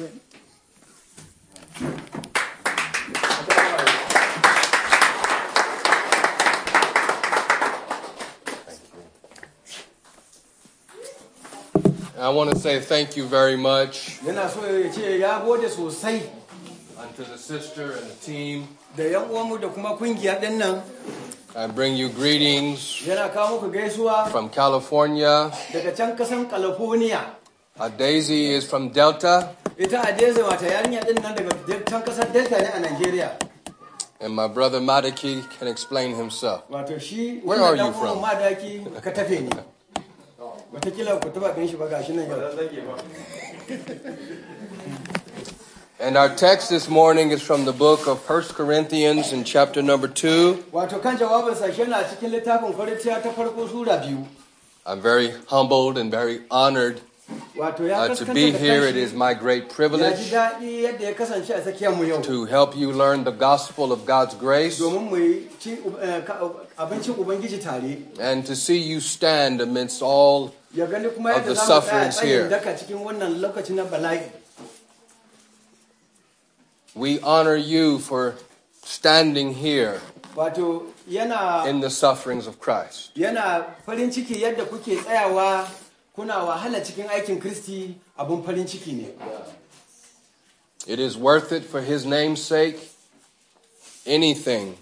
Great. I want to say thank you very much to the sister and the team. I bring you greetings from California. Daisy is from Delta ita Adeze wata yarinya din nan daga can kasar Delta ne a Nigeria. And my brother Madaki can explain himself. Where are you from? And our text this morning is from the book of 1 Corinthians in chapter number 2. I'm very humbled and very honored uh, to be here, it is my great privilege to help you learn the gospel of God's grace uh, and to see you stand amidst all of the sufferings here. We honor you for standing here in the sufferings of Christ kuna wahala cikin aikin Kristi abun farin ciki ne. It is worth it for his name's sake. Anything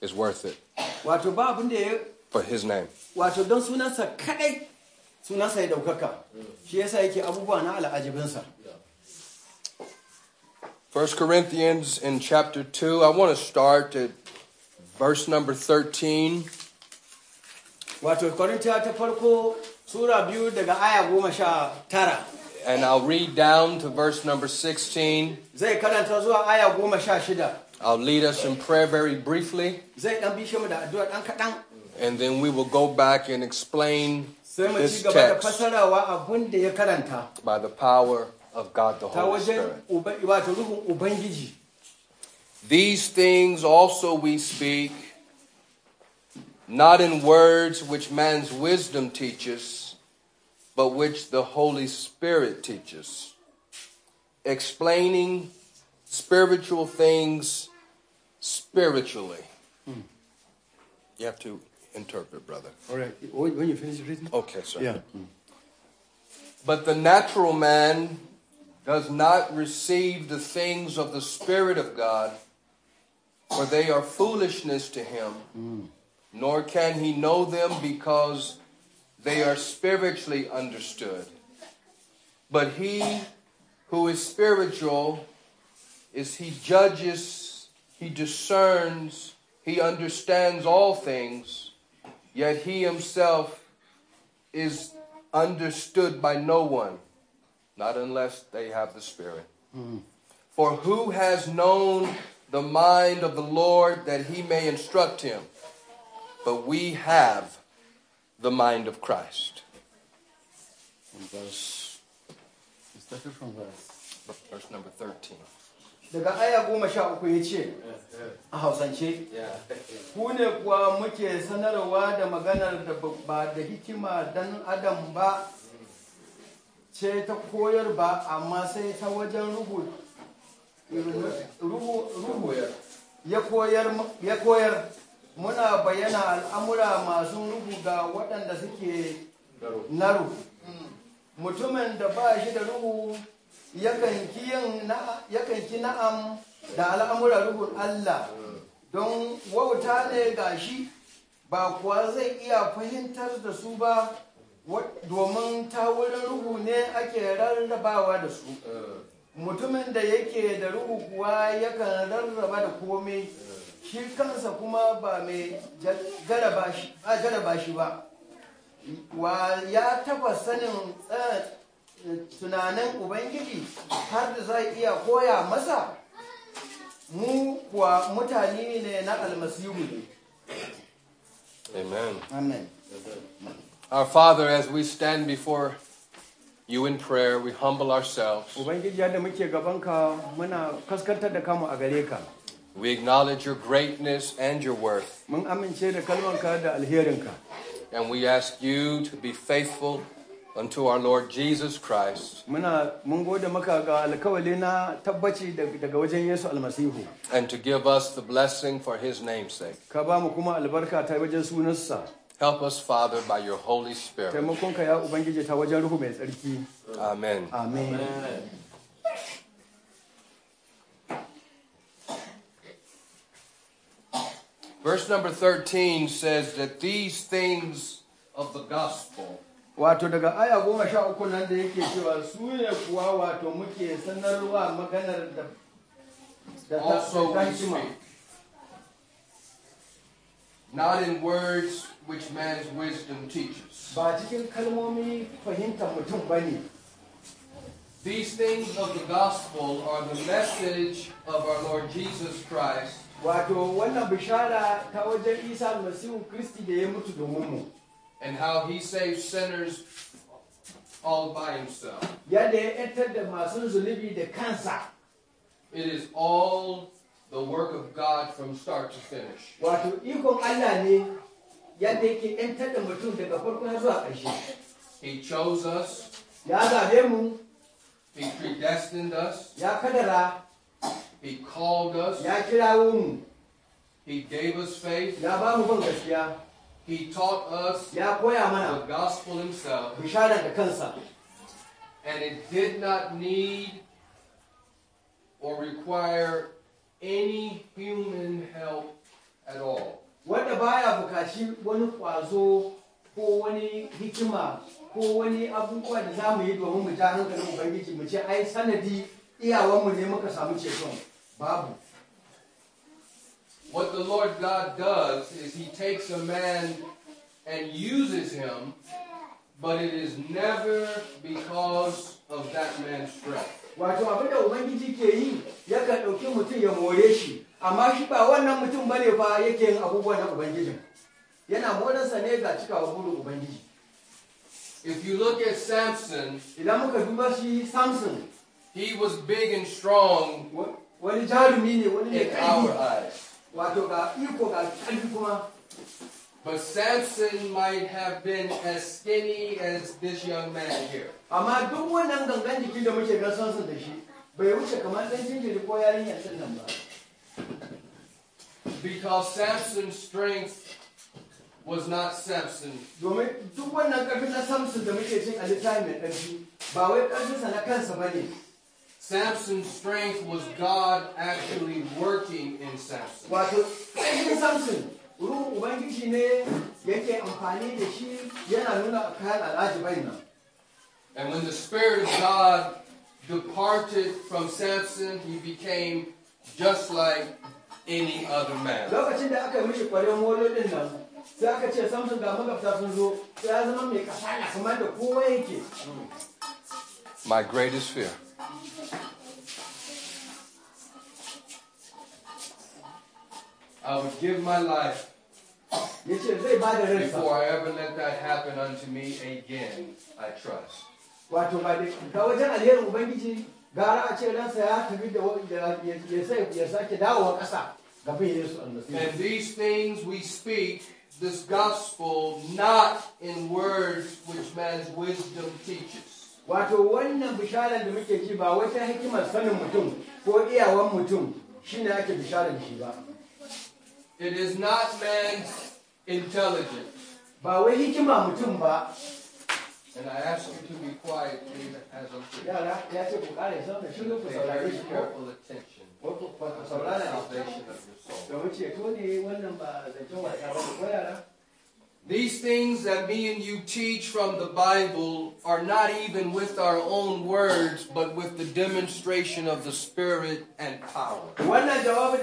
is worth it. Wato ba abin da ya for his name. Wato don sunansa kadai sunansa ya daukaka. Shi yasa yake abubuwa na 1 Corinthians in chapter 2, I want to start at verse number 13. Sura biyu daga aya goma sha tara. And I'll read down to verse number 16. Zai karanta zuwa aya goma sha shida. I'll lead us in prayer very briefly. Zai dan bishe mu da addu'a dan And then we will go back and explain this text by the power of God the Holy Spirit. These things also we speak not in words which man's wisdom teaches, but which the Holy Spirit teaches, explaining spiritual things spiritually. Hmm. You have to interpret, brother. All right. When you finish reading. Okay, sir. Yeah. Hmm. But the natural man does not receive the things of the Spirit of God, for they are foolishness to him. Hmm nor can he know them because they are spiritually understood. But he who is spiritual is he judges, he discerns, he understands all things, yet he himself is understood by no one, not unless they have the Spirit. Mm. For who has known the mind of the Lord that he may instruct him? But we have the mind of Christ. daga aya goma sha uku ya ce a hausance ku ne kuwa muke sanarwa da maganar da ba da hikima dan adam ba ce ta koyar ba amma sai ta wajen ruhu ya koyar muna bayyana al'amura masu ruhu ga waɗanda suke na ruhu mm. mutumin da ba shi da ruhu yakan ki na'am da al'amura ruhun Allah mm. don wauta ne ga shi ba kuwa zai iya fahimtar da su ba domin ta wurin ruhu ne ake rarrabawa da su mm. mutumin da yake da ruhu kuwa yakan rarraba da komai shi kansa kuma ba mai shi ba wa ya taba sanin tunanin ubangiji har da zai iya koya masa mu kuwa mutane ne na almasihu ne Amen. Amen. Our Father, as we stand before you in prayer, we humble ourselves. We acknowledge your greatness and your worth. And we ask you to be faithful unto our Lord Jesus Christ. And to give us the blessing for his name's sake. Help us, Father, by your Holy Spirit. Amen. Amen. Amen. Verse number 13 says that these things of the gospel wato daga aya goma sha uku nan da yake cewa su ne kuwa wato muke sanarwa maganar da da ta not in words which man's wisdom teaches ba cikin kalmomi fahimtar mutum these things of the gospel are the message of our Lord Jesus Christ wato wannan bishara ta wajen isa kristi da ya mutu domin mu and how he saves sinners all by himself yadda ya yantar da masu zunubi da kansa it is all the work of god from start to finish wato ikon allah ne yadda yake yantar da mutum daga farko zuwa ƙarshe he chose us ya mu he predestined us ya kadara he called us. He gave us faith. He taught us the gospel himself. Bishara da kansa. And it did not need or require any human help at all. iyawanmu ne muka samu ceton. Babu. What the Lord God does is he takes a man and uses him, but it is never because of that man's strength. Wato abin da Ubangiji ke yi ɗauki mutum ya more shi, amma shi ba wannan mutum bane fa yake yin abubuwan na Ubangijin. Yana ne ga cikawa burin Ubangiji. If you look at Samson, idan muka duba shi Samson, he was big and strong. What? wani jarumi ne wani mai wato ga iko ga ƙarfi kuma But Samson might have been as skinny as this young man here. Amma duk wannan gangan jiki da muke ga Samson da shi bai wuce kamar ɗan jinjiri ko yarinyar ɗin nan ba. Because Samson's strength was not Samson. Domin duk wannan ƙarfin na Samson da muke jin a littafin mai ƙarfi ba wai ƙarfinsa na kansa ba ne. Samson's strength was God actually working in Samson. And when the Spirit of God departed from Samson, he became just like any other man. My greatest fear. I would give my life before I ever let that happen unto me again, I trust. And these things we speak this gospel not in words which man's wisdom teaches wato wannan bisharar da muke ji ba wata hikimar sanin mutum ko iyawan mutum shine ake bisharar shi ba it is not man's intelligence ba wai hikima mutum ba And I ask you to be quiet, please, as I'm speaking. Pay very careful attention to the salvation of your soul. These things that me and you teach from the Bible are not even with our own words, but with the demonstration of the Spirit and power. I have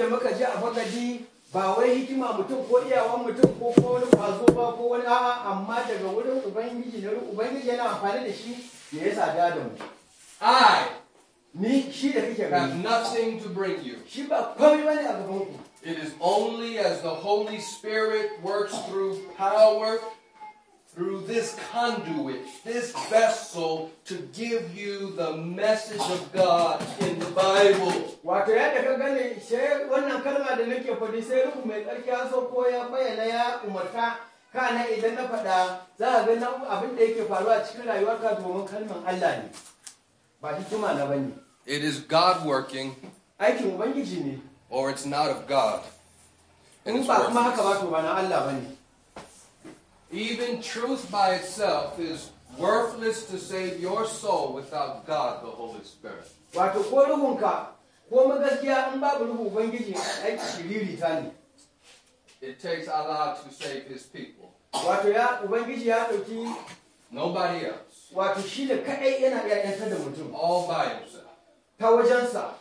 nothing to bring you. It is only as the Holy Spirit works through power, through this conduit, this vessel, to give you the message of God in the Bible. It is God working or it's not of God. And Even truth by itself is worthless to save your soul without God, the Holy Spirit. It takes Allah to save his people. Nobody else. All by himself.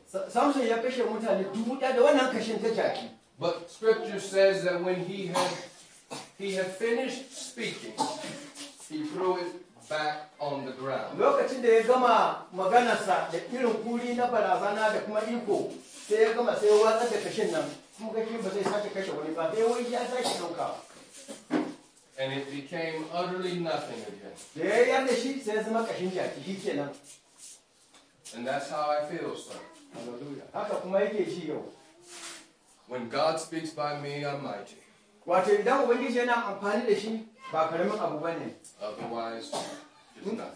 Samson ya kashe mutane dubu ɗaya da wannan kashin ta jaki. But scripture says that when he had he had finished speaking, he threw it back on the ground. Lokacin da ya gama maganarsa da irin kuri na barazana da kuma iko, sai ya gama sai ya watsar da kashin nan, kuma kashin ba zai sake kashe wani ba, sai wani ya sake ɗauka. And it became utterly nothing again. And that's how I feel, sir. Hallelujah. When God speaks by me, I'm mighty. Otherwise, it's hmm? nothing.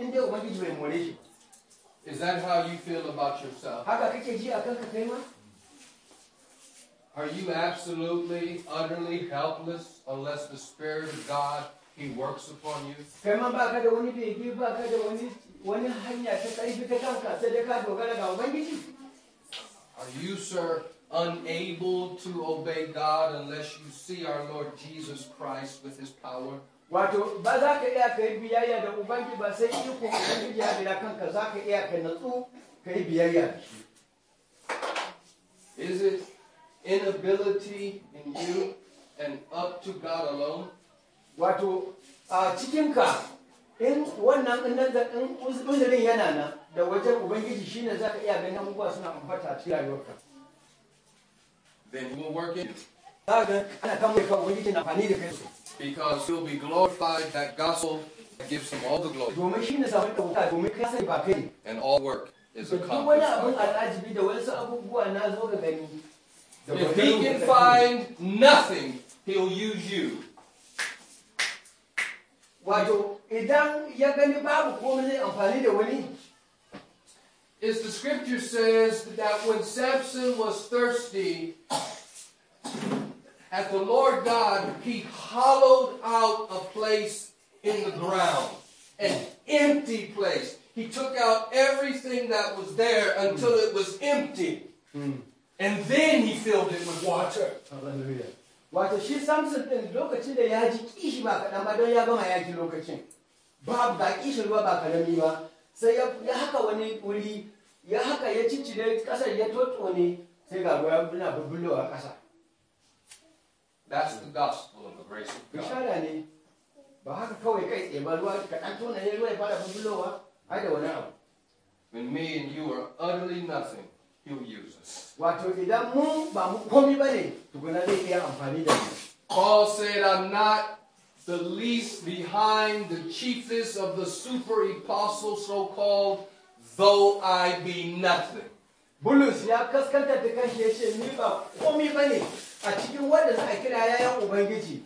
In Is that how you feel about yourself? Are you absolutely, utterly helpless unless the Spirit of God, He works upon you? wani hanya ta ƙarfi ta kanka dogara ga Ubangiji? Are you, sir, unable to obey God unless you see our Lord Jesus Christ with his power? Wato, ba za ka iya ka yi biyayya da Ubangi ba sai Ubangiji ya bira kanka za ka iya ka natsu ka yi biyayya. Is it inability in you and up to God alone? Wato, a cikinka in wannan in uzurin yana nan da wajen ubangiji shine iya ganin abubuwa suna ambata a rayuwarka then you will work in because you'll be glorified that gospel gives him all the glory and all work is accomplished if he can find nothing he'll use you Wato idan ya gani babu komai zai amfani da wani. Is the scripture says that when Samson was thirsty, at the Lord God, he hollowed out a place in the ground, an empty place. He took out everything that was there until it was empty. Mm. And then he filled it with water. Hallelujah. wato shi samson ɗin lokacin da ya ji kishi ba kaɗan ba don ya gama ji lokacin ba ba kishi ruwa ba karami ba sai ya haka wani wuri ya haka ya ciccire ƙasar ya ne sai ga ruwa yana bulbulowa ƙasa That's the gospel of the grace of God. Bishara ne, ba haka kawai kai tsaye ba ruwa kaɗan tona ne ruwa ya fara bulbulowa, ai da wani abu. When me and you are utterly nothing, Paul said, I'm not the least behind the chiefest of the super apostles, so called, though I be nothing. Bulus ya kaskanta da Ni ba komi ba a Ubangiji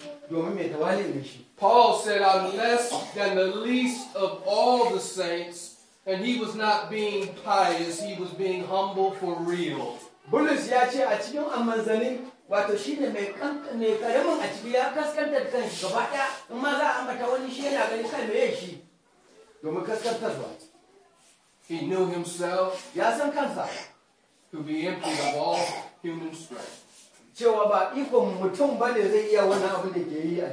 Paul said, I'm less than the least of all the saints, and he was not being pious, he was being humble for real. Bulus ya ce a cikin wato shi ne mai karamin a ciki ya kaskantar kan shi gaba ɗaya in ma za a ambata wani shi yana gani kai mai shi domin He knew himself ya san kansa to be empty of all human strength. Cewa ba ikon mutum ba ne zai iya wani da ke yi a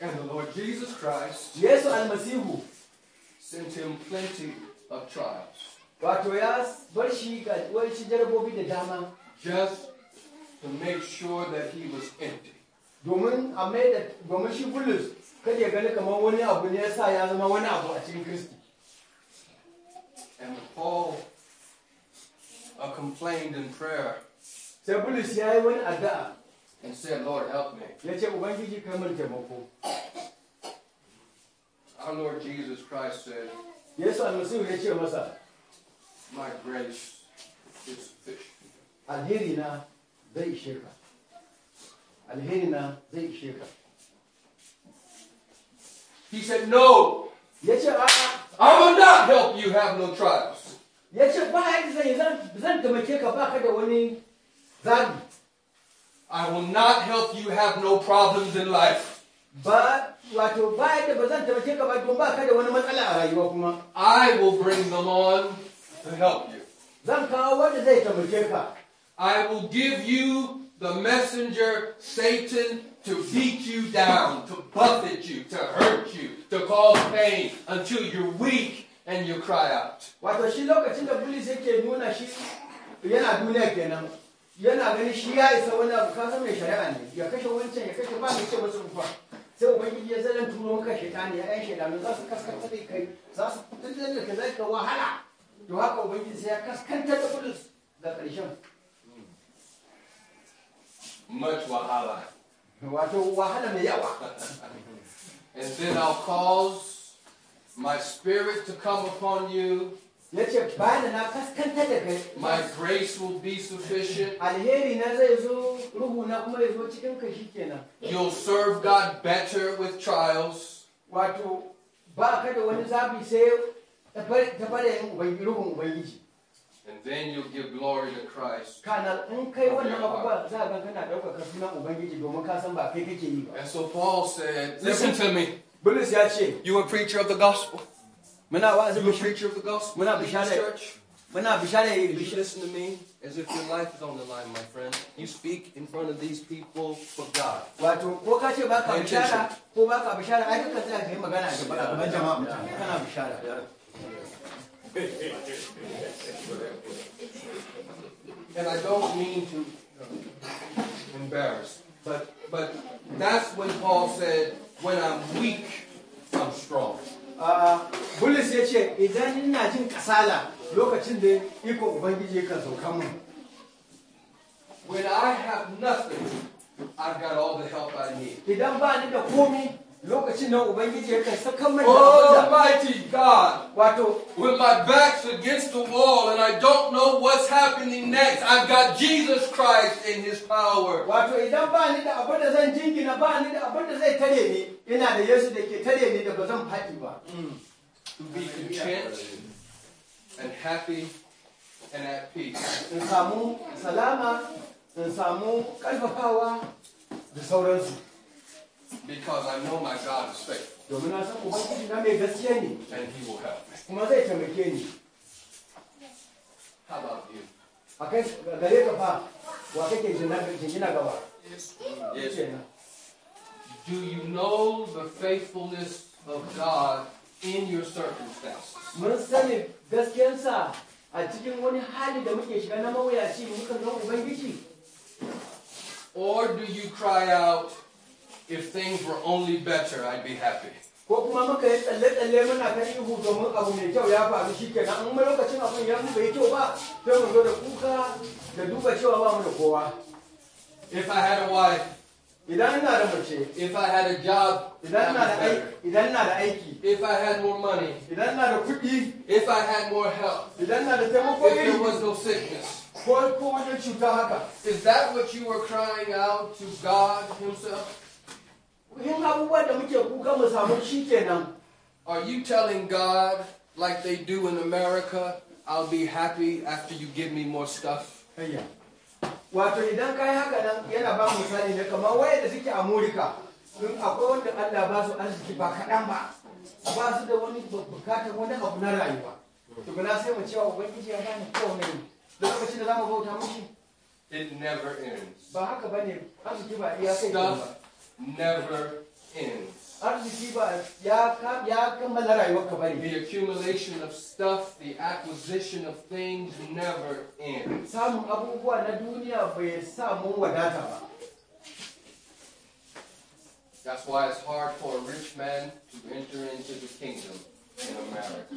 And the Lord Jesus Christ Yesu almasihu sent him plenty of trials. Wato ya bar shi ga wani jarabobi da dama just to make sure that he was empty. domin a mai da domin shi Bulus kada ya gani kamar wani abu ne yasa ya zama wani abu a cikin Kristi. And Paul uh, complained in prayer. Sai Bulus ya yi wani addu'a and said, Lord, help me. Our Lord Jesus Christ said, My grace is sufficient. He said, No. I will not help you have no trials. I will not help you have no problems in life. But I will bring them on to help you. I will give you the messenger, Satan, to beat you down, to buffet you, to hurt you, to cause pain until you're weak and you cry out yana ganin shi ya isa wani abu ka san mai shari'a ne ya kashe wancan ya kashe ba mai ce wasu rufa sai ya turo maka shaitani ya za su kaskanta da kai za su fitar da zai ka wahala to haka sai ya kaskanta da da ƙarshen much wahala wato wahala mai yawa and then I'll cause my spirit to come upon you my grace will be sufficient. You'll serve God better with trials. And then you'll give glory to Christ. And so Paul said, Listen to me. You a preacher of the gospel. We're not wise. You're a preacher of the gospel. We're not Bishade. Church. We're not Bishade. You listen to me as if your life is on the line, my friend. You speak in front of these people for God. Wato ko ka ce baka bishara ko baka bishara ai kaka tsaya kai magana a gaban jama'a mutane kana bishara. And I don't mean to embarrass, but but that's when Paul said, "When I'm weak, I'm strong." bulus ya ce idan ina jin kasala lokacin da iko ubangiji kan sauka mun when i have nothing i've got all the help i need idan ba ni da komi lokacin nan ubangiji ya kan saka mana oh almighty god wato when my back's against the wall and i don't know what's happening next i've got jesus christ in his power wato idan ba ni da abin da zan jingina ba ni da abin da zai tare ni ina da yesu da ke tare ni da ba zan faɗi ba hmm. to be content and happy and at peace in samu salama in samu karfafawa da sauransu because I know my God is faithful. And he will help me. How about you? Yes. Yes. Do you know the faithfulness of God in your circumstances? Or do you cry out, if things were only better, I'd be happy. if i had a wife idan ina da mace if i had a job idan ina da aiki idan ina da aiki if i had more money idan ina da kuɗi if i had more help idan ina da taimako if there was no sickness ko ko wani is that what you were crying out to god himself are you telling god like they do in america i'll be happy after you give me more stuff wato idan kai haka nan yana ba misali ne kamar waye da suke amurka in akwai wanda allah ba su arziki ba kaɗan ba ba su da wani bukatar wani abu na rayuwa tukuna sai mu cewa ubangiji ya bani komai da lokacin da za mu bauta mushi it never ends ba haka bane arziki ba iya kai ba never ends. The accumulation of stuff, the acquisition of things never ends. That's why it's hard for a rich man to enter into the kingdom in America.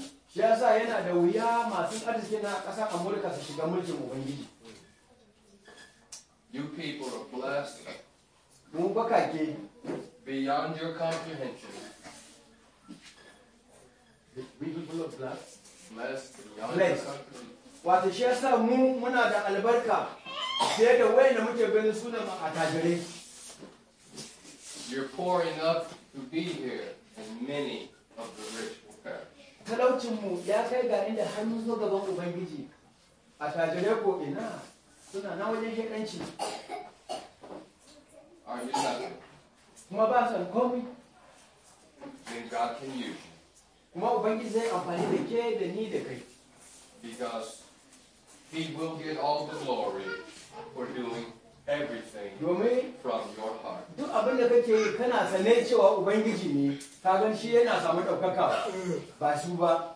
you people are blessed beyond your comprehension people wato shi yasa mu muna da albarka fiye da wayanda muke ganin sunan attajirai you're poor enough to be here and many of the rich will perish talaucinmu ya kai ga inda hannu zo gaban ubangiji attajirai ko ina suna na wajen shekanci Are you nothing? Kuma ba son Then God can use you. Kuma Ubangiji zai amfani da ke da ni da kai. Because He will get all the glory for doing everything from your heart. Duk abin da kake yi kana sane cewa Ubangiji ne, ka gan shi yana samu ba su ba.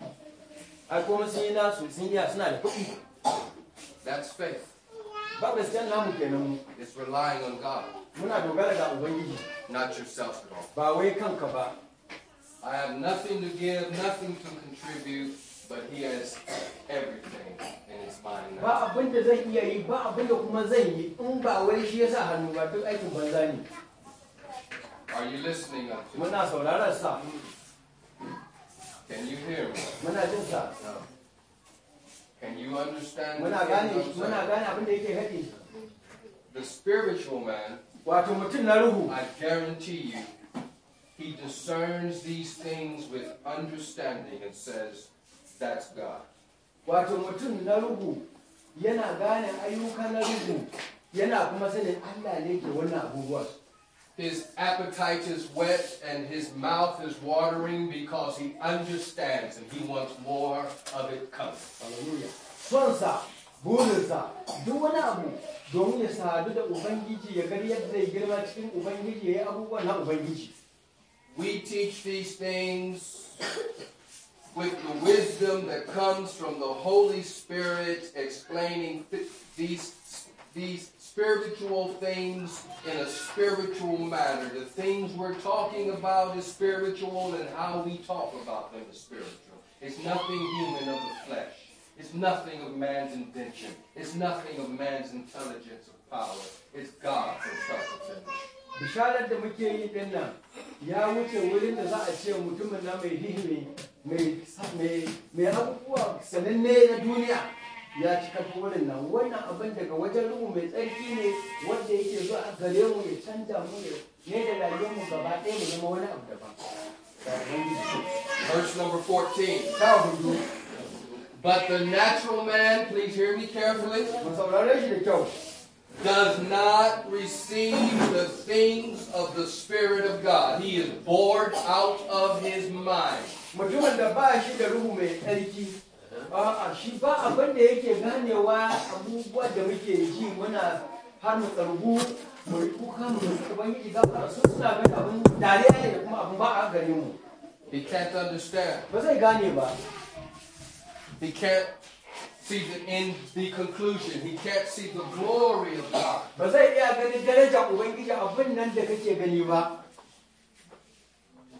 Ai kuma sun yi nasu sun yi suna da kuɗi. That's faith. Ba namu kenan. It's relying on God muna dogara ga ubangiji not yourself at all ba wai kanka ba i have nothing to give nothing to contribute but he has everything in his mind ba abin da zan iya yi ba abin da kuma zan yi in ba wai shi yasa hannu ba duk aikin banza ne are you listening up to muna sa can you hear me muna jin sa can you understand muna gane muna gane abin da yake hadi the spiritual man wato mutum na ruhu I guarantee you, he discerns these things with understanding and says, That's God. wato mutum na ruhu yana gane ayyuka na ruhu yana kuma sanin Allah ne ke wannan abubuwan His appetite is wet and his mouth is watering because he understands and he wants more of it coming. hallelujah burinsa duk wani abu domin ya sadu da ubangiji ya gari yadda girma cikin ubangiji ya yi abubuwa na ubangiji we teach these things with the wisdom that comes from the holy spirit explaining these these spiritual things in a spiritual manner. The things we're talking about is spiritual, and how we talk about them is spiritual. It's nothing human of the flesh. It's nothing of man's invention. It's nothing of man's intelligence or power. It's God from start to finish. Bisharar da muke yi din nan ya wuce wurin da za a ce mutumin na mai hihimi mai abubuwa sananne na duniya ya cika kafa wurin nan wannan abin daga wajen ruhu mai tsarki ne wanda yake zuwa a gare mu ya canja mu ne da rayuwar mu gaba ɗaya mu zama wani abu daban. Verse number 14. But the natural man, please hear me carefully, does not receive the things of the Spirit of God. He is bored out of his mind. He can't understand. He can't see the end, the conclusion. He can't see the glory of God. Ba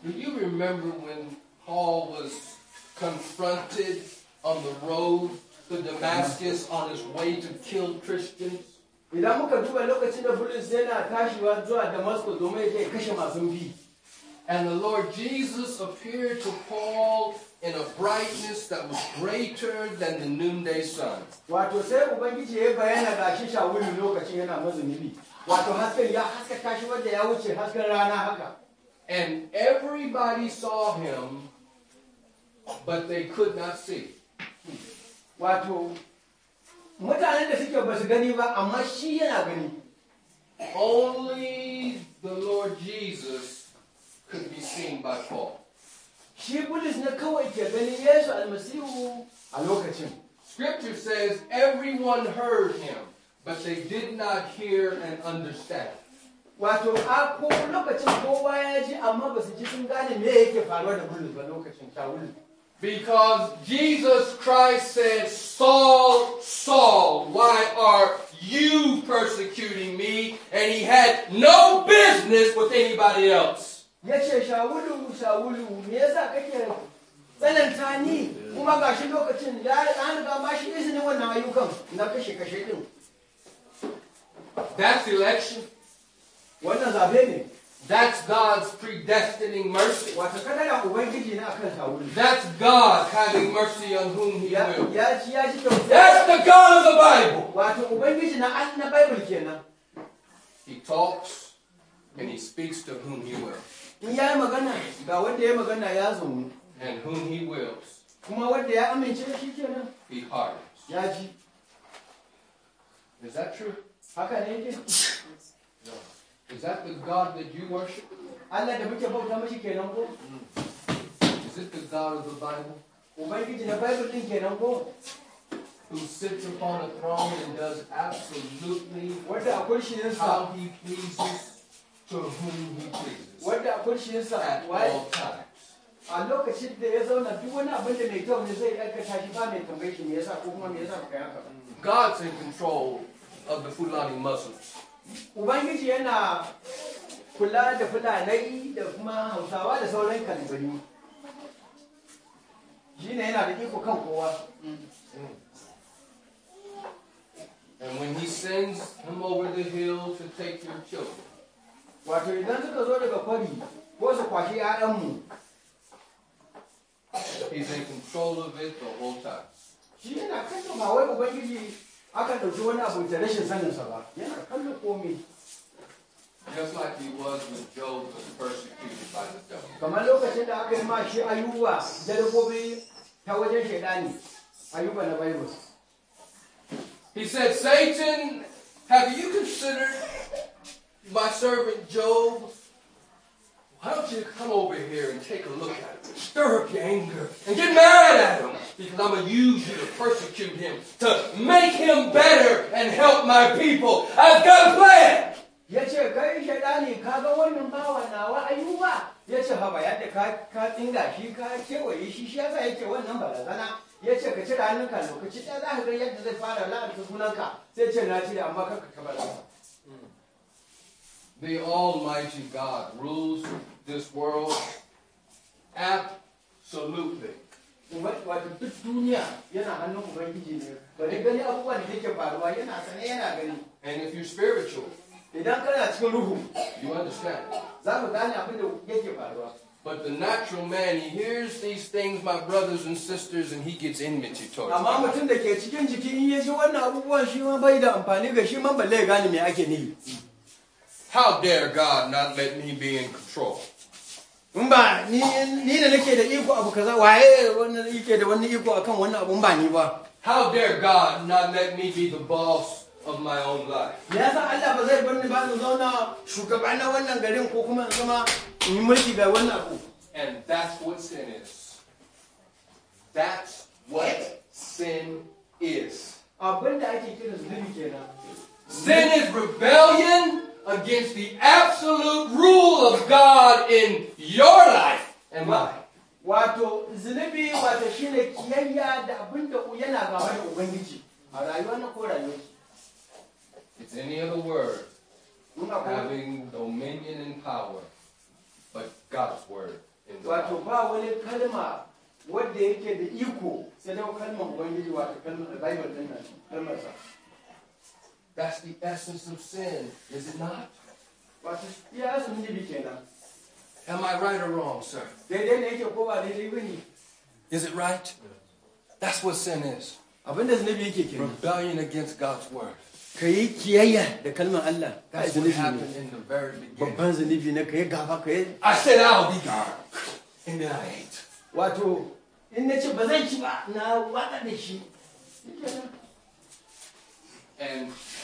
Do you remember when Paul was confronted on the road to Damascus on his way to kill Christians? Idan muka duba lokacin da Bulus yana tashiwa zuwa Damascus domin ya kashe masu bi. And the Lord Jesus appeared to Paul in a brightness that was greater than the noonday sun. And everybody saw him, but they could not see. Only the Lord Jesus could be seen by Paul. Shi Bulus ne kawai ke ganin Yesu almasihu a lokacin. Scripture says everyone heard him, but they did not hear and understand. Wato a ko lokacin kowa ya ji amma ba su ji sun gane me yake faruwa da Bulus ba lokacin Shawulu. Because Jesus Christ said, Saul, Saul, why are you persecuting me? And he had no business with anybody else ya ce shawulu shawulu me yasa kake tsananta ni kuma gashi lokacin ya an ga ba izinin wannan ayyukan na kashe kashe din that's election wannan zabe ne That's God's predestining mercy. That's God having mercy on whom He will. That's the God of the Bible. He talks and He speaks to whom He will in ya yi magana ga wanda ya magana ya and whom he wills kuma wanda ya amince shi kenan he hardens ya ji is that true haka ne yake no is that the god that you worship Allah da muke bauta mashi kenan ko hmm. is it the god of the bible ubangiji na bible din kenan ko who sits upon a throne and does absolutely what how he pleases to whom he pleases. at all times. A lokacin da ya zauna duk wani abin da mai kyau ne zai ba mai tambayi shi ko kuma me God's in control of the Fulani Muslims. Ubangiji yana kula da da kuma Hausawa da sauran Shi ne yana da iko kan kowa. Mm. And when he sends him over the hill to take your children, wato idan suka zo daga kwari ko su He's in control of it the whole time. Shi yana wai Ubangiji aka ɗauki wani abu da rashin saninsa ba, yana komai. Just like he was when Job was persecuted by the devil. Kamar lokacin da aka yi ma shi ayuba jargobi ta wajen shaidani, ayuba na Bible. He said, Satan, have you considered my servant Job, why don't you come over here and take a look at him? Stir up your anger and get mad at him because I'm going to use you to persecute him, to make him better and help my people. I've got a plan. ya the Almighty God rules this world absolutely. And if you're spiritual, you understand. But the natural man, he hears these things, my brothers and sisters, and he gets enmity towards them. How dare God not let me be in control? How dare God not let me be the boss of my own life? And that's what sin is. That's what sin is. Sin is rebellion against the absolute rule of God in your life and mine. Wato zunubi wato kiyayya da abin da yana gaba da Ubangiji a rayuwar na It's any other word having dominion and power, but God's word. Wato ba wani kalma wadda yake da iko sai dai kalmar Ubangiji wato kalmar Bible din nan kalmar sa. That's the essence of sin, is it not? Am I right or wrong, sir? Is it right? That's what sin is. Rebellion against God's word. That's what happened in the very beginning. I said I'll be God and then I ate and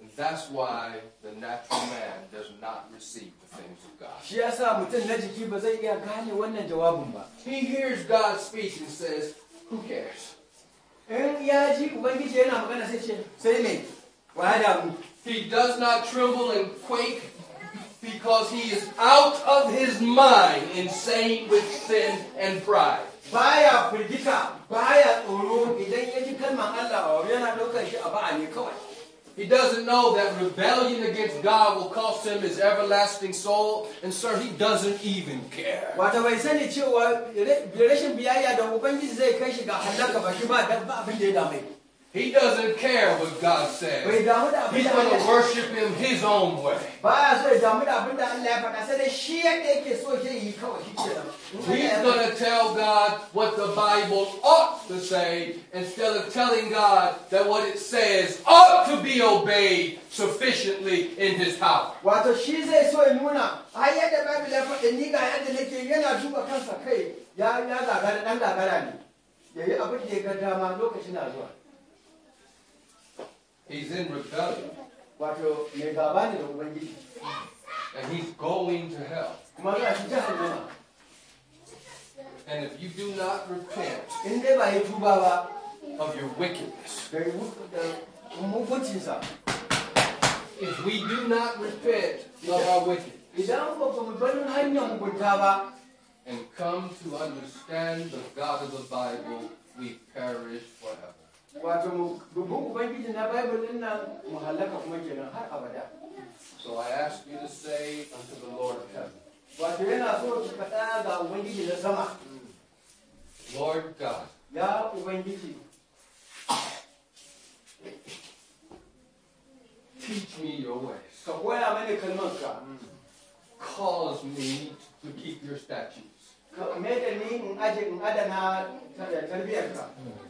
And that's why the natural man does not receive the things of God. He hears God speak and says, who cares? And the ji He does not tremble and quake because he is out of his mind insane with sin and pride. Baya firgita, baya tsoro idan ya ji Allah yana ɗaukar shi a ba'a ne kawai. He doesn't know that rebellion against God will cost him his everlasting soul, and sir, he doesn't even care. He doesn't care what God says. He's going to worship Him His own way. He's going to tell God what the Bible ought to say instead of telling God that what it says ought to be obeyed sufficiently in His power. He's in rebellion. And he's going to hell. And if you do not repent of your wickedness, uh, if we do not repent of our wickedness, and come to understand the God of the Bible, we perish forever wato na bible nan mu halaka kuma kenan har abada so i ask you to say unto the lord of heaven wato yana so ki faɗa ga ubangiji na sama lord god ya ubangiji teach me your ways ka koya mani kalmanka cause me to keep your statutes ka mai ni in aje in adana tarbiyarka hmm.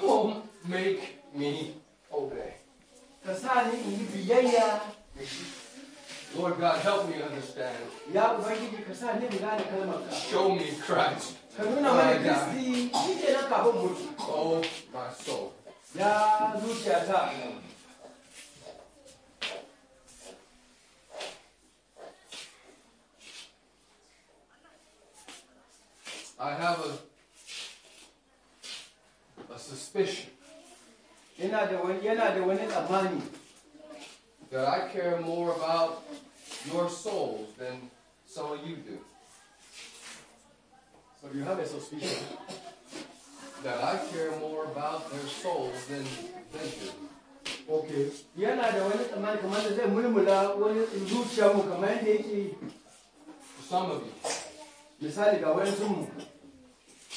Oh, make me obey. Lord God, help me understand. Show me Christ. Oh, my soul. I have a a suspicion yana da wani yana da wani tsammani that I care more about your souls than some of you do. So you have a suspicion that I care more about their souls than they do. Okay. Yana da wani tsammani kamar da zai mulmula money. zuciya mu kamar yadda yake some of you. Misali ga to move.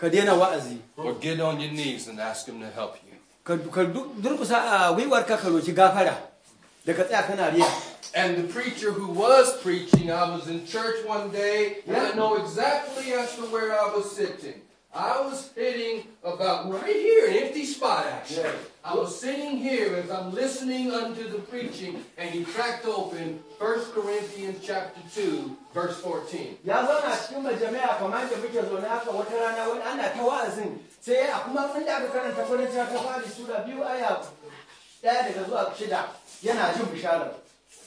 ka wa'azi or get on your knees and ask him to help you durkusa ah, gafara tsaya kana riya And the preacher who was preaching, I was in church one day, and I know exactly as to where I was sitting. I was sitting about right here, an empty spot actually. Yeah. I was sitting here as I'm listening unto the preaching, and he cracked open 1 Corinthians chapter 2, verse 14. a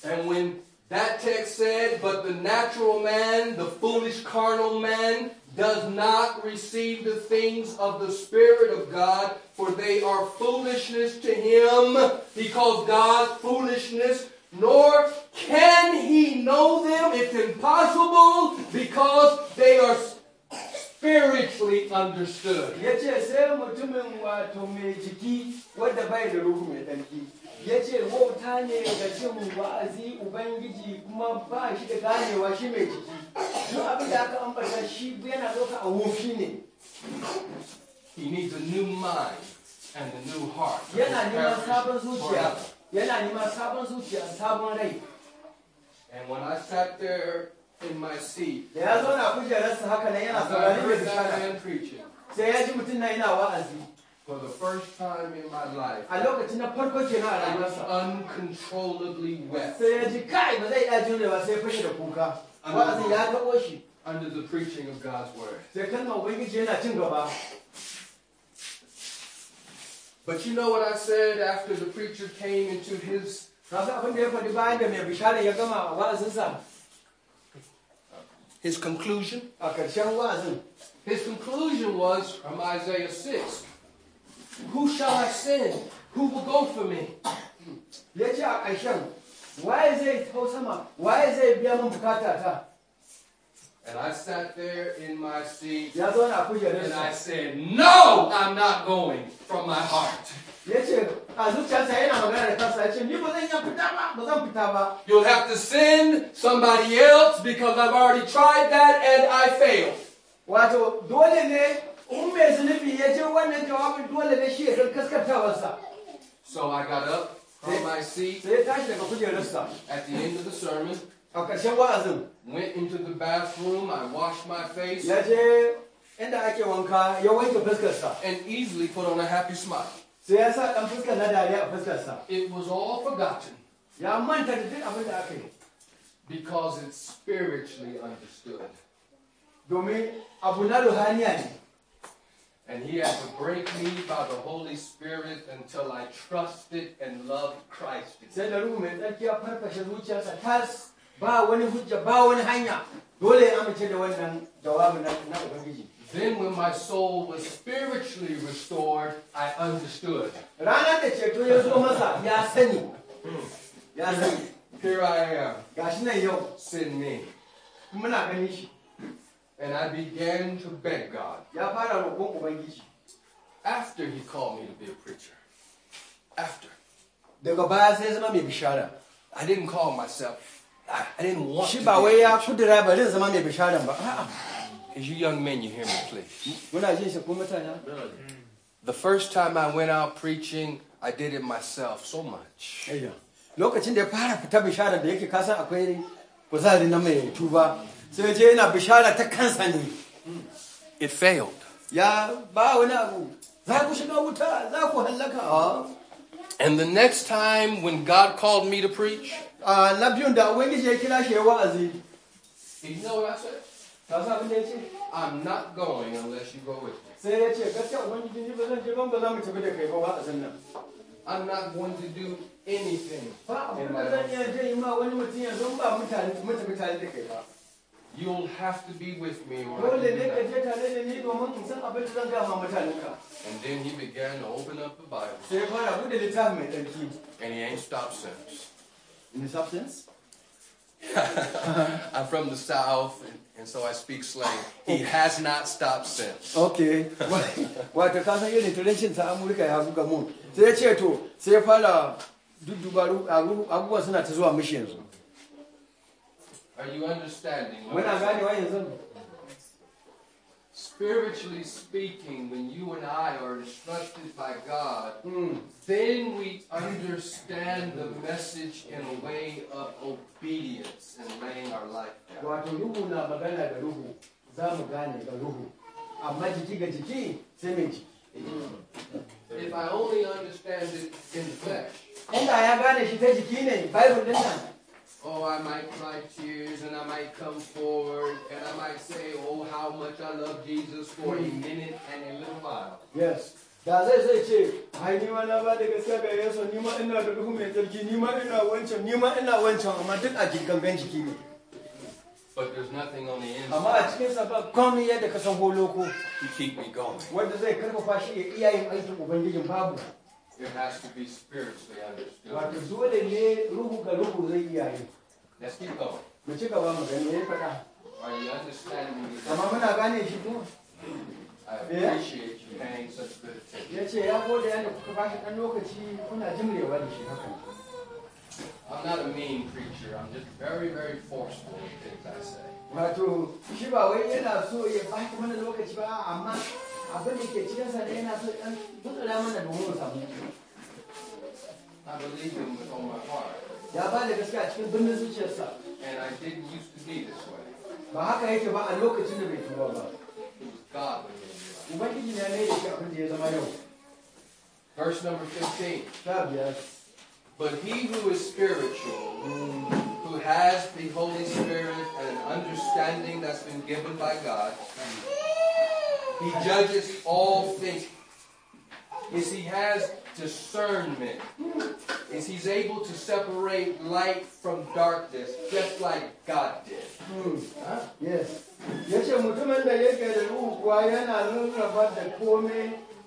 And when that text said, but the natural man, the foolish carnal man, does not receive the things of the Spirit of God, for they are foolishness to him, because God's foolishness, nor can he know them. It's impossible, because they are spiritually understood ya wauta ne ga wa'azi ubangiji kuma ba shi da ganewa shi mai jiki duk abin da aka ambata shi yana a wofi ne he needs a new mind and a new heart yana neman sabon zuciya yana neman sabon zuciya sabon rai and when i sat there in my seat da ya zauna kujerarsa haka nan yana saurari mai sai ya ji mutum na yana wa'azi for the first time in my life, a lokaci uncontrollably wept. Under the preaching of God's word. But you know what I said after the preacher came into his his conclusion? His conclusion was from Isaiah 6. Who shall I send? Who will go for me? Ya a ƙarshen, waye zai hau sama, waye biya bukata ta? And I sat there in my seat ya zauna a kujerar and I said, No, I'm not going from my heart. a zuciyarsa yana magana da kansa, ya ce, Ni ba zan iya fita ba, ba zan fita ba. You'll have to send somebody else because I've already tried that and I failed. Wato, dole ne in mai zunubi ya ji wannan jawabin so i got up from my seat sai at the end of the sermon a ƙarshen wa'azin went into the bathroom i washed my face ya je inda ake wanka ya wanke fuskarsa and easily put on a happy smile sai ya sa dan fuskar na dariya a fuskarsa it was all forgotten because it's spiritually understood domin abu na ruhaniya and he had to break me by the Holy Spirit until I trusted and loved Christ. Then, when my soul was spiritually restored, I understood. Hmm. Here I am. And I began to beg God. After he called me to be a preacher. After. I didn't call myself. I, didn't want to be a As you young men, you hear me, please. The first time I went out preaching, I did it myself so much. lokacin da ya fara fita bishara da yake kasan akwai kuzari na mai tuba it failed ah. and the next time when god called me to preach ah, you know what i said i'm not going unless you go with me I'm not going to do anything. in my life. You'll have to be with me or And then he began to open up the Bible. And he ain't stopped since. In the substance? I'm from the South, and, and, so I speak slang. He has not stopped since. Okay. Wato ka san irin turancin sa Amurka ya buga mun. Sai ya ce to, sai ya fara dudduba abubuwan suna ta zuwa mishi are you understanding? When I'm Spiritually speaking, when you and I are instructed by God, mm. then we understand the message in a way of obedience and laying our life down. If I only understand it in flesh. Oh, I might cry tears and I might come forward and I might say, oh, how much I love Jesus for a minute and a little while. Yes. da zai zai ce ai nima na ba da gaskiya ga yesu nima ina da duhu mai tsarki nima ina wancan nima ina wancan amma duk a gangan jiki ne But there's nothing on the inside. Amma a cikin sa ba komai yadda ka san holoko. You keep me going. Wanda zai karfafa shi ya iya yin aikin ubangijin babu. It has to be spiritually understood. Let's keep going. Are you understanding me? I eh? appreciate you paying such good attention. I'm not a mean preacher. I'm just very, very forceful with things I say abin da ke cikin sa da yana so dan mana domin mu ya ba da gaskiya ba haka yake ba a lokacin da bai tuba ba ubangiji ne abin da ya zama yau verse number 15 But he who is spiritual, who has the Holy Spirit and an understanding that's been given by God, he judges all things. Is he has discernment. Is he's able to separate light from darkness, just like God did. Hmm. Ah, yes. yace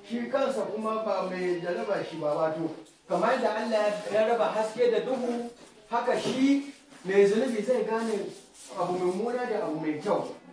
shi kansa kuma ba mai jaraba shi ba wato kamar da Allah ya raba haske da duhu haka shi mai zunubi zai gane abu mummuna da abu mai kyau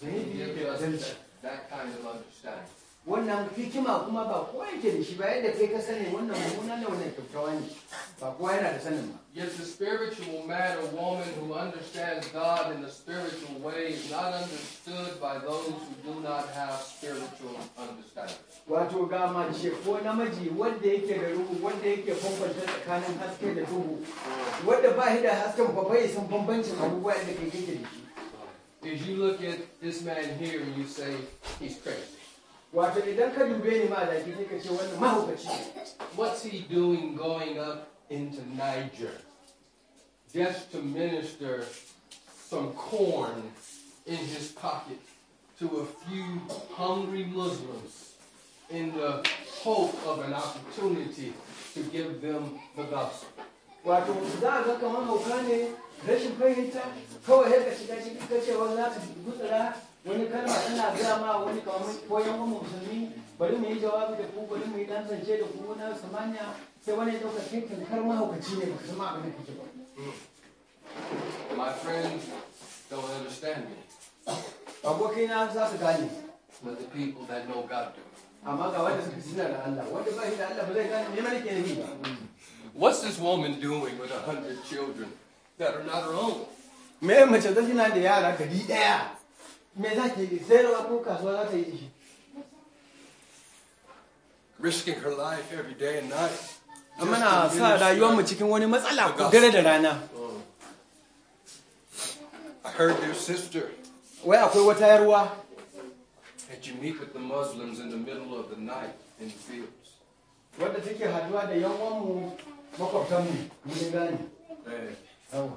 Yet the spiritual man or woman who understands God in the spiritual way is not understood by those who do not have spiritual understanding. Wato ga mace ko namiji wanda yake da ruhu wanda yake bambanta tsakanin haske da duhu wanda ba shi da hasken ba bai san bambancin abubuwa da kai kake is you look at this man here and you say, he's crazy. What's he doing going up into Niger just to minister some corn in his pocket to a few hungry Muslims in the hope of an opportunity to give them the gospel? wato za a ga kamar hauka ne rashin fahimta kawai yadda shiga cikin ce, za ka gutsura wani kalma tana gaya ma wani kamar koyon wani musulmi bari mu yi jawabi da ku bari mu yi dan zance da ku na samanya sai wani ya dauka kai kankar mahaukaci ne baka san abin da kake ba my don't understand me abokina za su gane but the people that know God do amma ga wanda suka suna da Allah wanda ba shi da Allah ba zai gane me mana ke nufi ba What's this woman doing with a hundred children that are not her own? Risking her life every day and night. Muna sa rayuwarmu cikin wani matsala ko I heard their sister. Wai That you meet with the Muslims in the middle of the night in the fields. What Wadda had the young woman? mwaka mtamu mlinganya sawa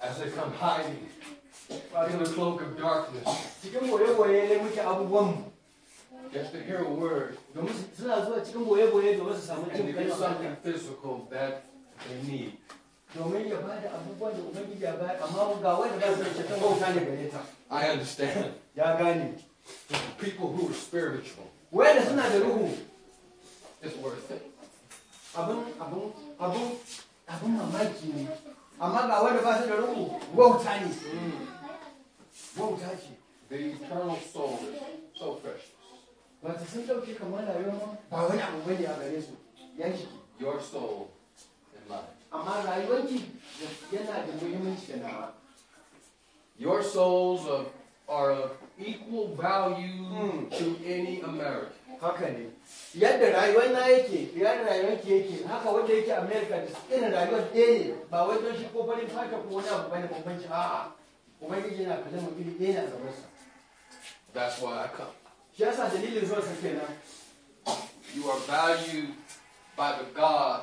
as they come hiding in the cloak of darkness boye-boye just to hear a word domin suna zuwa boye-boye samu something physical that they need domin ya bada abubuwan da ubangiji ya bayar amma ga wanda ba su da cikin wauta ne i understand ya people who are spiritual Where is that da ruhu is worth it. Abun, abun, abun, abun mamaki ne. Amma ga wanda ba su da rubu wauta ne. Wauta ce. The eternal soul is so precious. But sun ɗauke kamar rayuwa ba wani abu bane a gare su. Your soul and mine. Amma rayuwarki Your souls of, are of equal value mm. to any American haka ne yadda rayuwar na yake yadda rayuwar yake haka wanda yake america da irin rayuwar ɗaya ba wai don shi ko farin fata ko wani abu bane bambanci ubangiji yana kallon ɗaya na that's why i come shi yasa dalilin zuwa sa kenan you are valued by the god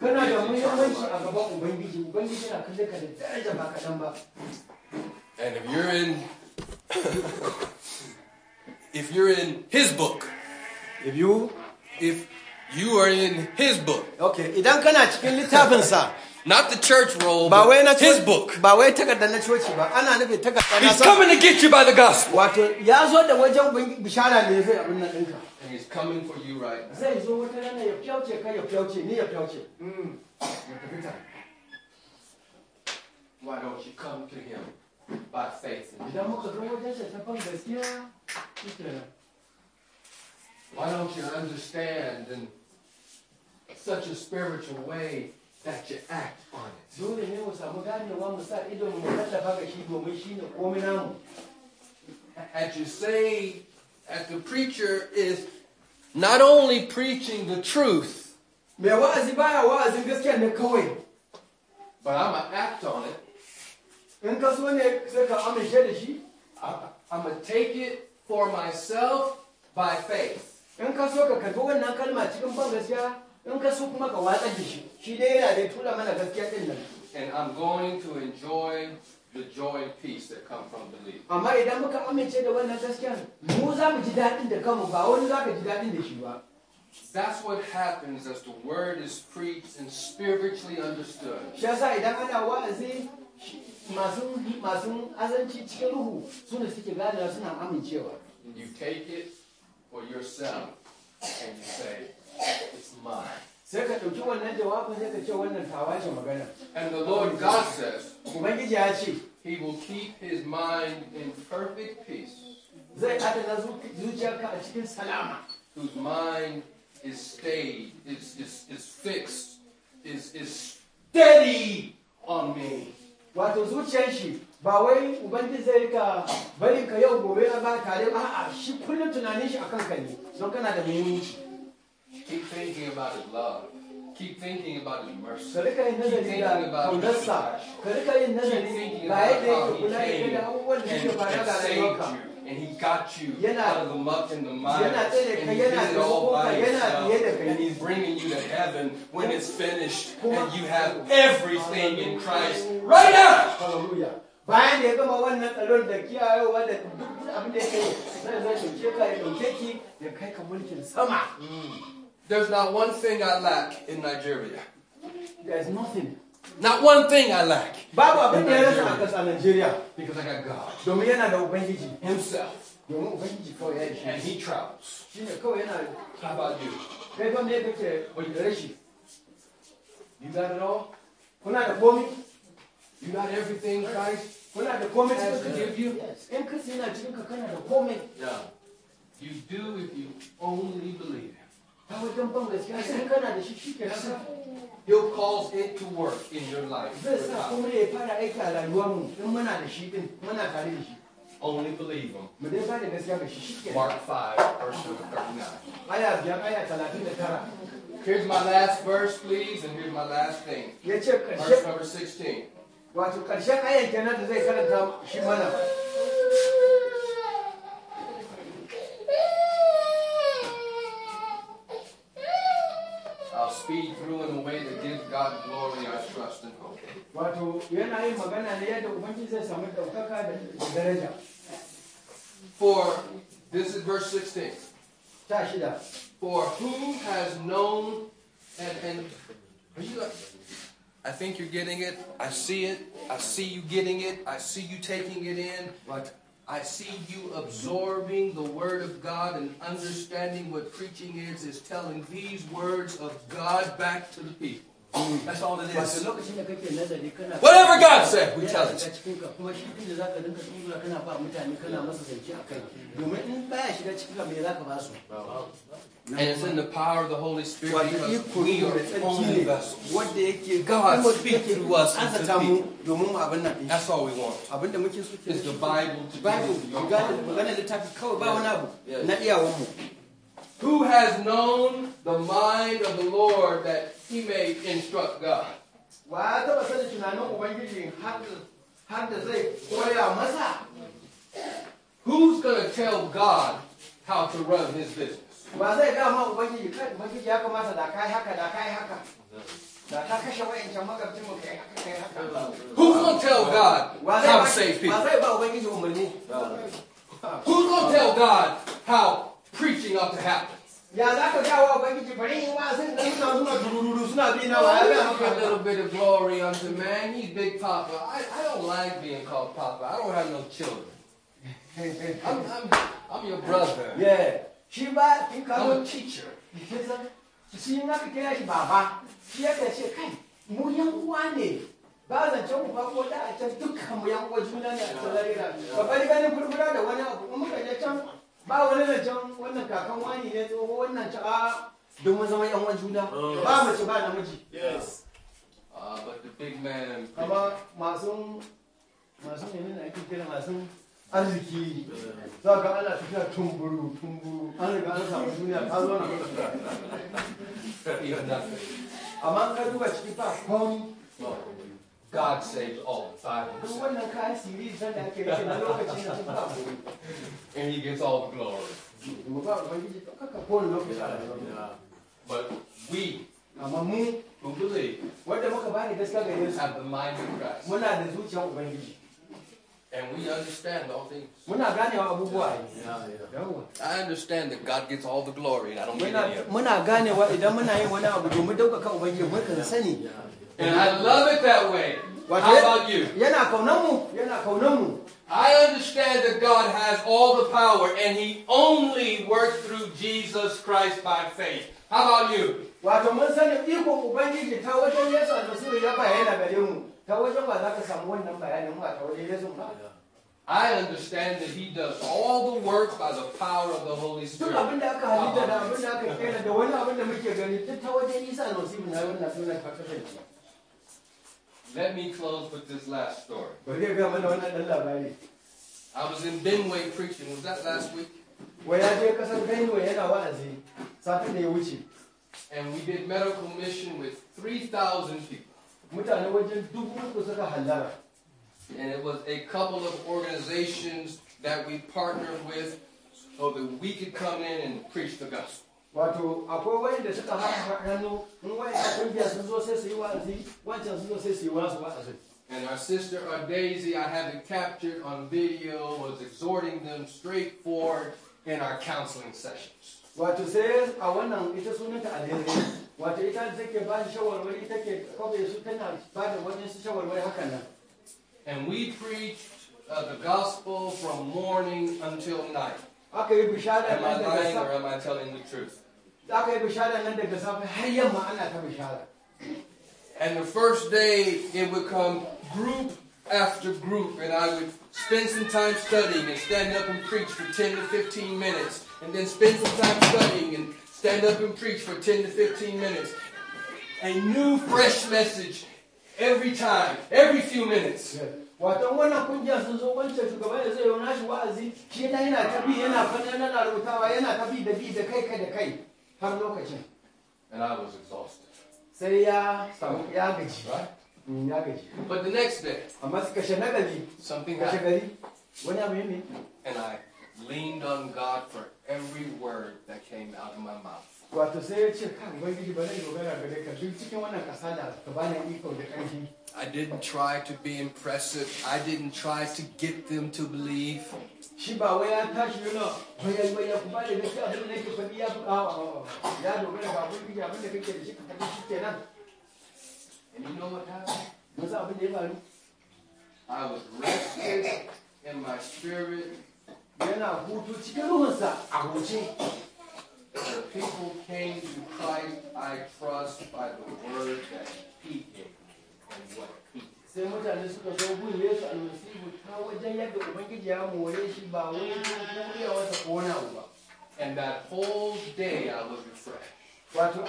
kana da muhimmanci a gaban ubangiji ubangiji yana kallon ka da daraja ba kaɗan ba and if you're in if you're in his book if you if you are in his book. Okay, idan kana cikin littafinsa. Not the church roll, but his book. Ba wai takardar na coci ba, ana nufin takardar na He's coming to get you by the gospel. Wato ya zo da wajen bishara ne zai abin nan ɗinka. And he's coming for you right now. Zai zo wata rana ya fyauce ka ya fyauce ni ya fyauce. Hmm. Why don't you come to him by faith? Idan muka zo wajen sa ta ban gaskiya, why don't you understand in such a spiritual way that you act on it? As you say, as the preacher is not only preaching the truth, but I'm gonna act on it. I'm going to take it for myself by faith in ka so ka karbi wannan kalma cikin ban gaskiya in ka so kuma ka watsa da shi shi dai yana tura mana gaskiya din nan and i'm going to enjoy the joy and peace that come from belief amma idan muka amince da wannan gaskiya mu za mu ji dadin da kanmu ba wani za ka ji dadin da shi ba That's what happens as the word is preached and spiritually understood. idan ana wa'azi masu azanci cikin ruhu suna suke suna amincewa. You take it for yourself and you say, it's mine. And the Lord God says, He will keep his mind in perfect peace. Whose mind is stayed, is, is, is fixed, is, is steady on me. it change you? ba wai ubangiji zai rika barin ka yau gobe na ba tare ba a'a shi kullum tunanin shi akan ka ne don kana da muhimmanci keep thinking about his love keep thinking about his mercy ka rika yin nazari da kaunarsa ka rika yin nazari ga yadda yake kula da abubuwan da yake and he got you yana, out of the muck and the mire, and he did it all by himself, and he's bringing you to heaven when it's finished, and you have everything in Christ right now. Hallelujah bayan da ya gama wannan tsaron da kiyayewa da duk abin da yake zai zai ka ya dauke ki ya kai ka mulkin sama There's not one thing I lack in Nigeria. There's nothing. Not one thing I lack. Baba, abin da ya rasa Nigeria. Because I got God. Domin yana da Ubangiji. Himself. Domin Ubangiji kawai ya shi. And he travels. Shi How about you? You got it all? Kuna da komi? You're not everything, Christ. Kuna the komai cikin to give you? Yes. In Christ yana Yeah. You do if you only believe. Him. He'll cause it to work in your life. Only believe him. Mark 5 verse number 39. Here's my last verse, please, and here's my last thing. Verse number 16 wato ƙarshen ayan kenan da zai karanta shi mana I'll speed through in a way that gives God glory, I trust and hope. Wato yana yin magana ne yadda Ubangiji zai samu ɗaukaka da daraja. For this is verse 16. Ta shida. For who has known and, and are you like I think you're getting it. I see it. I see you getting it. I see you taking it in. But I see you absorbing the Word of God and understanding what preaching is, is telling these words of God back to the people. That's all it is. Whatever God said, we tell it. And it's in the power of the Holy Spirit because we are only vessels. God speaks through us and to That's all we want. It's the Bible to be Bible. Yes. Who has known the mind of the Lord that he may instruct God? Who's going to tell God how to run his business? Who's going to tell God how to save people? Who's going to tell God how preaching ought to happen. Yeah, oh, that's a little bit of glory unto man. He's big papa. I, I don't like being called papa. I don't have no children. I'm, I'm, I'm your brother. Yeah. Shi ba in teacher. Shi in not kira shi baba. Shi ya a can can ba wani can wannan kakan wani ne tsoho wannan ci a domin zama yan wani juna ba mace ba namiji yes uh, but the big man amma masu masu ne ne ake kira masu arziki za ka ana tafiya tumburu tumburu an riga an samu duniya ta zo na amma ka duba ciki ba kom God saves all five of us. and he gets all the glory. Yeah. But we who believe have the mind of Christ. And we understand all things. Yeah, yeah. I understand that God gets all the glory and I don't get any of it. And I love it that way. How about you? I understand that God has all the power and He only works through Jesus Christ by faith. How about you? I understand that he does all the work by the power of the Holy Spirit. Let me close with this last story. I was in Benway preaching. Was that last week? And we did medical mission with 3,000 people. And it was a couple of organizations that we partnered with so that we could come in and preach the gospel wato akwai wayanda suka hannu in kungiya sun zo sai su yi wa'azi wancan sun zo sai su yi wa'azi And our sister our uh, Daisy, I have it captured on video, was exhorting them straightforward in our counseling sessions. Wato sai a wannan ita sunanta Adele, wato ita take ba shi shawarwari take kwabe su tana ba da wani shawarwari hakan nan. And we preached uh, the gospel from morning until night. Am I lying or am I telling the truth? bishara nan daga safe har yamma ana ta bishara and the first day it would come group after group and I would spend some time studying and stand up and preach for 10 to 15 minutes and then spend some time studying and stand up and preach for 10 to 15 minutes a new fresh message every time every few minutes har lokacin and I was exhausted sai ya samu ya right mm, ya gaji but the next day amma suka shi nagari something happened wani abu ne and I leaned on God for every word that came out of my mouth wato sai ya ce kan ubangiji ba zai dogara gare ka duk cikin wannan kasada ka bani iko da ƙarfi I didn't try to be impressive. I didn't try to get them to believe. And you know what happened? I was rested in my spirit the people came to Christ, I trust, by the word that he gave and what he that whole day I was refreshed.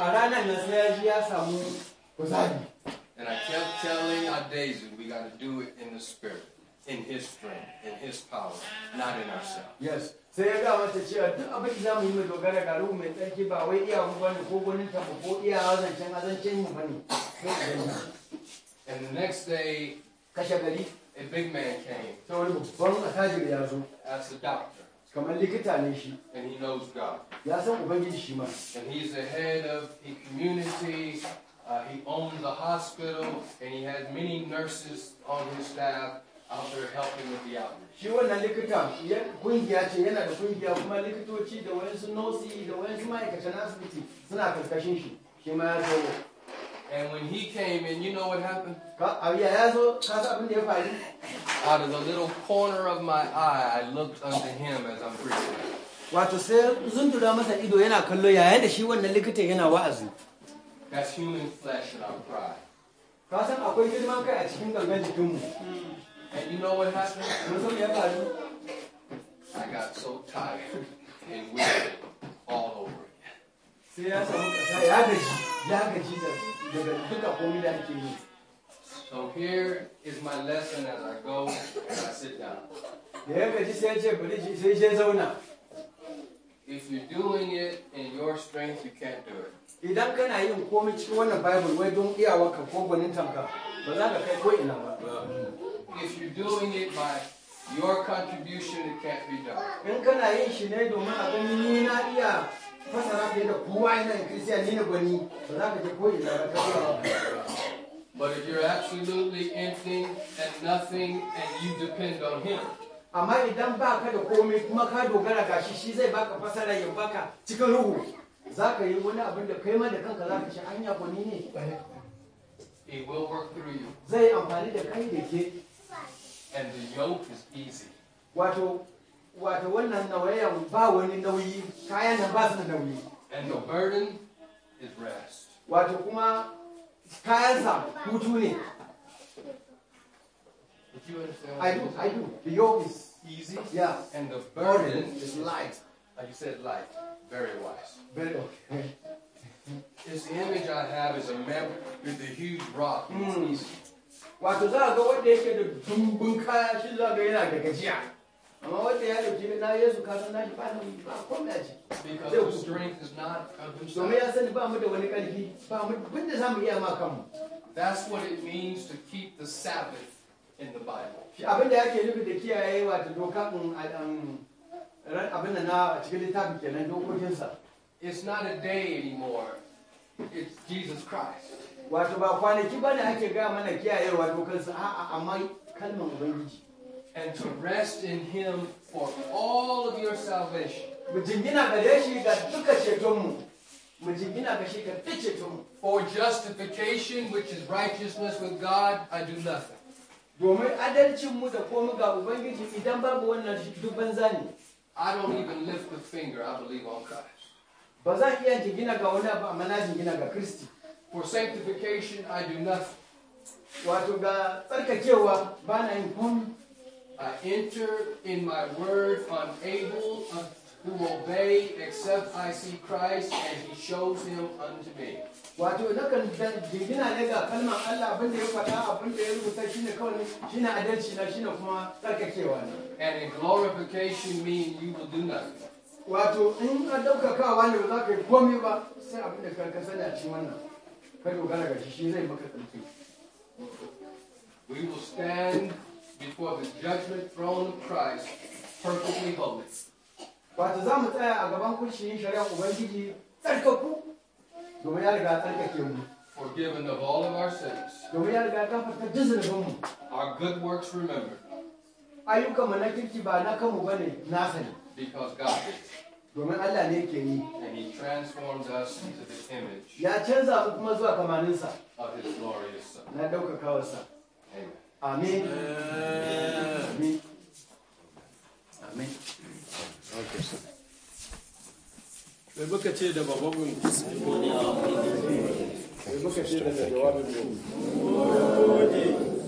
And I kept telling our Daisy we got to do it in the Spirit, in His strength, in His power, not in ourselves. Yes sai ya gama ta cewa duk abin da mu yi mu dogara ga ruhu mai tsarki ba wai iya mu bane ko gonin ta ko iya zancen mu bane and the next day kashe gari a big man came to wani babban attajiri ya zo as a doctor kamar likita ne shi and he knows God ya san ubangiji shi ma and he's the head of the community uh, he owns the hospital and he had many nurses on his staff helping with the outreach. And when he came in, you know what happened? Out of the little corner of my eye, I looked unto him as I'm preaching. That's human flesh and our pride. Ka san i girman kai a cikin gangan jikinmu. Hmm. And you know what happened? I got so tired and weary all over again. See, that's so here is my lesson as I go and I sit down. If you're doing it in your strength, you can't do it. idan kana yin komai cikin wannan bible wai don iyawarka ko gwanintanka ba za ka kai ko ina ba if you're doing it by your contribution, it can't be done. But if you're absolutely empty and nothing and you depend on Him, he will work through you and the yoke is easy. Wato wato wannan nauyin ba wani nauyi, kayan nan ba su da nauyi. And the burden is rest. Wato kuma kayansa hutu ne. If you understand I do, I do. The yoke is easy. Yeah. And the burden is light. Like you said, light. Very wise. Very okay. This image I have is a map with a huge rock. Mm. easy wato za ga wanda yake da dumbin kaya shi za ga yana da gajiya amma wanda ya dauki na Yesu ka san nashi ba ba komai a ciki domin ya sani ba mu da wani karfi ba mu bin da zamu iya ma kanmu that's what it means to keep the sabbath in the bible abin da yake nufi da kiyaye wato dokan um, um, abin da na cikin littafin kenan dokokinsa it's not a day anymore it's Jesus Christ. Wato ba kwanaki ba da ake ga mana kiyayewa dokansa a'a amma kalmar Ubangiji. And to rest in Him for all of your salvation. Mu jingina gare shi ga duka cetonmu. Mu jingina ga shi ga duk cetonmu. For justification, which is righteousness with God, I do nothing. Domin da ga Ubangiji idan babu wannan duk banza ne. I don't even lift a finger, I believe on Christ. For sanctification I do nothing. I enter in my word unable uh, who obey except I see Christ and he shows him unto me. Wato nakan jingina ne ga kalmar Allah abin da ya faɗa abin da ya rubuta shine kawai shine adalci na shine kuma tsarkakewa ne. And in glorification mean you will do nothing wato in ka ne za ka yi komai ba sai abin da ka sani a cikin wannan ka shi zai maka we will stand before the judgment throne of Christ perfectly holy wato za mu tsaya a gaban kurshiyin shari'ar ubangiji tsarkaku domin ya riga tsarkake mu forgiven of all of our sins our good works remembered Because God did. Domin Allah ne yake yi. And he transforms us into the image. Ya canza mu kuma zuwa kamanin sa. Of his glorious son. Na daukakawarsa. Amen. Amen. Amen. Amen. Okay. Sir. Bai muka ce da babban bai muka ce da jawabin mu.